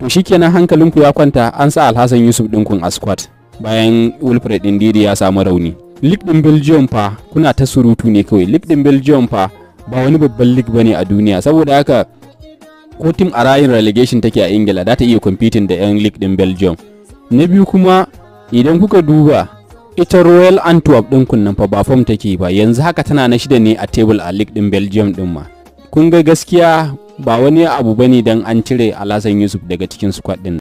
to shi shikenan hankalinku ya kwanta an sa alhassan yusuf ɗinkun a squad bayan wilfred ndidi ya samu rauni lig din belgium fa kuna ta surutu ne kawai lig din belgium fa ba wani babban lig bane a duniya saboda haka ko tim a rayin relegation take a ingila za ta iya competing da 'yan lig din belgium na biyu kuma idan kuka duba ita royal antwerp ɗin nan fa ba fom take ba yanzu haka tana na shida ne a table a lig din belgium ɗin ma kun ga gaskiya ba wani abu bane dan an cire Alhassan Yusuf daga cikin squad din